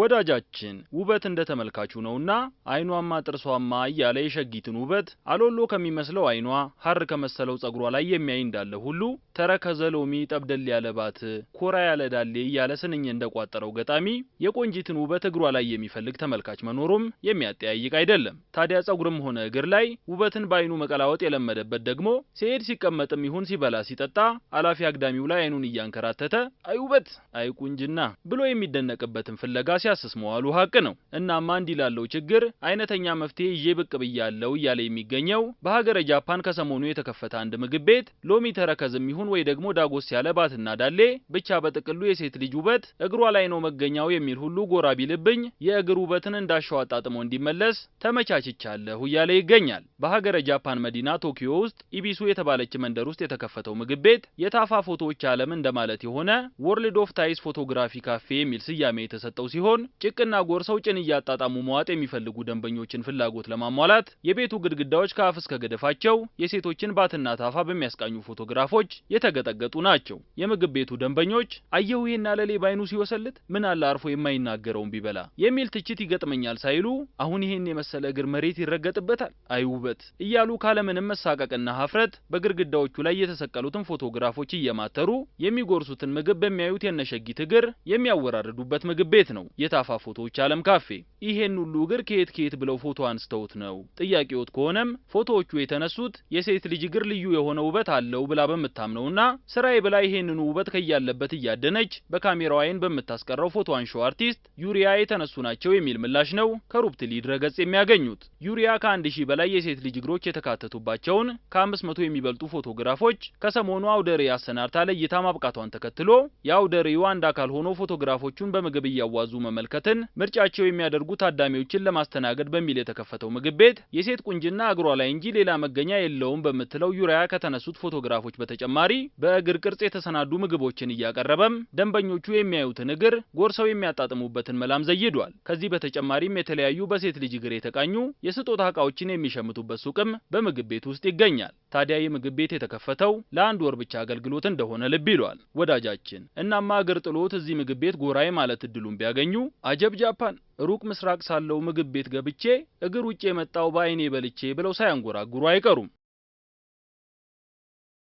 ወዳጃችን ውበት እንደ ተመልካቹ ነውና አይኗማ ጥርሷማ እያለ የሸጊትን ውበት አሎሎ ከሚመስለው አይኗ ሀር ከመሰለው ጸጉሯ ላይ የሚያይ እንዳለ ሁሉ ተረከዘ ሎሚ ጠብደል ያለባት ኮራ ያለ ዳሌ እያለ ስንኝ እንደቋጠረው ገጣሚ የቆንጂትን ውበት እግሯ ላይ የሚፈልግ ተመልካች መኖሩም የሚያጠያይቅ አይደለም። ታዲያ ጸጉርም ሆነ እግር ላይ ውበትን በአይኑ መቀላወጥ የለመደበት ደግሞ ሲሄድ ሲቀመጥም ይሁን ሲበላ ሲጠጣ አላፊ አግዳሚው ላይ አይኑን እያንከራተተ አይ ውበት አይ ቁንጅና ብሎ የሚደነቅበትን ፍለጋ ሲያስስ መዋሉ ሀቅ ነው። እናም አንድ ይላለው ችግር አይነተኛ መፍትሄ ይዤ ብቅ ብያለው እያለ የሚገኘው በሀገረ ጃፓን ከሰሞኑ የተከፈተ አንድ ምግብ ቤት ሎሚ ተረከዝም ይሁን ወይ ደግሞ ዳጎስ ያለ ባትና ዳሌ ብቻ በጥቅሉ የሴት ልጅ ውበት እግሯ ላይ ነው መገኛው የሚል ሁሉ ጎራ ቢልብኝ የእግር ውበትን አጣጥሞ እንዲመለስ ተመቻችቻለሁ እያለ ይገኛል። በሀገረ ጃፓን መዲና ቶኪዮ ውስጥ ኢቢሱ የተባለች መንደር ውስጥ የተከፈተው ምግብ ቤት የታፋ ፎቶዎች ዓለም እንደማለት የሆነ ወርልድ ኦፍ ታይስ ፎቶግራፊ ካፌ የሚል ስያሜ የተሰጠው ሲሆን ሲሆን ጭቅና ጎርሰው ጭን እያጣጣሙ መዋጥ የሚፈልጉ ደንበኞችን ፍላጎት ለማሟላት የቤቱ ግድግዳዎች ከአፍ እስከ ገደፋቸው የሴቶችን ባትና ታፋ በሚያስቃኙ ፎቶግራፎች የተገጠገጡ ናቸው። የምግብ ቤቱ ደንበኞች አየሁ ይሄና አለሌ ባይኑ ሲወሰልት ምን አለ አርፎ የማይናገረውን ቢበላ የሚል ትችት ይገጥመኛል ሳይሉ አሁን ይሄን የመሰለ እግር መሬት ይረገጥበታል አይውበት እያሉ ካለምንም መሳቀቅና ሀፍረት በግድግዳዎቹ ላይ የተሰቀሉትን ፎቶግራፎች እየማተሩ የሚጎርሱትን ምግብ በሚያዩት የነሸጊት እግር የሚያወራርዱበት ምግብ ቤት ነው። የታፋ ፎቶዎች አለም ካፌ። ይሄን ሁሉ እግር ከየት ከየት ብለው ፎቶ አንስተውት ነው ጥያቄዎት ከሆነም ፎቶዎቹ የተነሱት የሴት ልጅ እግር ልዩ የሆነ ውበት አለው ብላ በምታምነውና ስራዬ ብላ ይሄንኑ ውበት ከያለበት እያደነች በካሜራው አይን በምታስቀረው ፎቶ አንሺው አርቲስት ዩሪያ የተነሱ ናቸው የሚል ምላሽ ነው ከሩፕትሊ ድረገጽ የሚያገኙት። ዩሪያ ከአንድ ሺህ በላይ የሴት ልጅ እግሮች የተካተቱባቸውን ከአምስት መቶ የሚበልጡ ፎቶግራፎች ከሰሞኑ አውደሪ ርዕይ አሰናድታ ለእይታ ማብቃቷን ተከትሎ የአውደ አንድ አካል ሆኖ ፎቶግራፎቹን በምግብ እያዋዙ መመልከትን ምርጫቸው የሚያደርጉ ታዳሚዎችን ለማስተናገድ በሚል የተከፈተው ምግብ ቤት የሴት ቁንጅና እግሯ ላይ እንጂ ሌላ መገኛ የለውም በምትለው ዩሪያ ከተነሱት ፎቶግራፎች በተጨማሪ በእግር ቅርጽ የተሰናዱ ምግቦችን እያቀረበም ደንበኞቹ የሚያዩትን እግር ጎርሰው የሚያጣጥሙበትን መላም ዘይዷል። ከዚህ በተጨማሪም የተለያዩ በሴት ልጅ እግር የተቃኙ የስጦታ እቃዎችን የሚሸምቱበት ሱቅም በምግብ ቤት ውስጥ ይገኛል። ታዲያ የምግብ ቤት የተከፈተው ለአንድ ወር ብቻ አገልግሎት እንደሆነ ልብ ይሏል ወዳጃችን። እናማ እግር ጥሎት እዚህ ምግብ ቤት ጎራይ ማለት እድሉን ቢያገኙ ሲገኙ አጀብ ጃፓን ሩቅ ምስራቅ ሳለው ምግብ ቤት ገብቼ እግር ውጭ የመጣው በአይኔ በልቼ ብለው ሳያንጎራጉሩ አይቀሩም።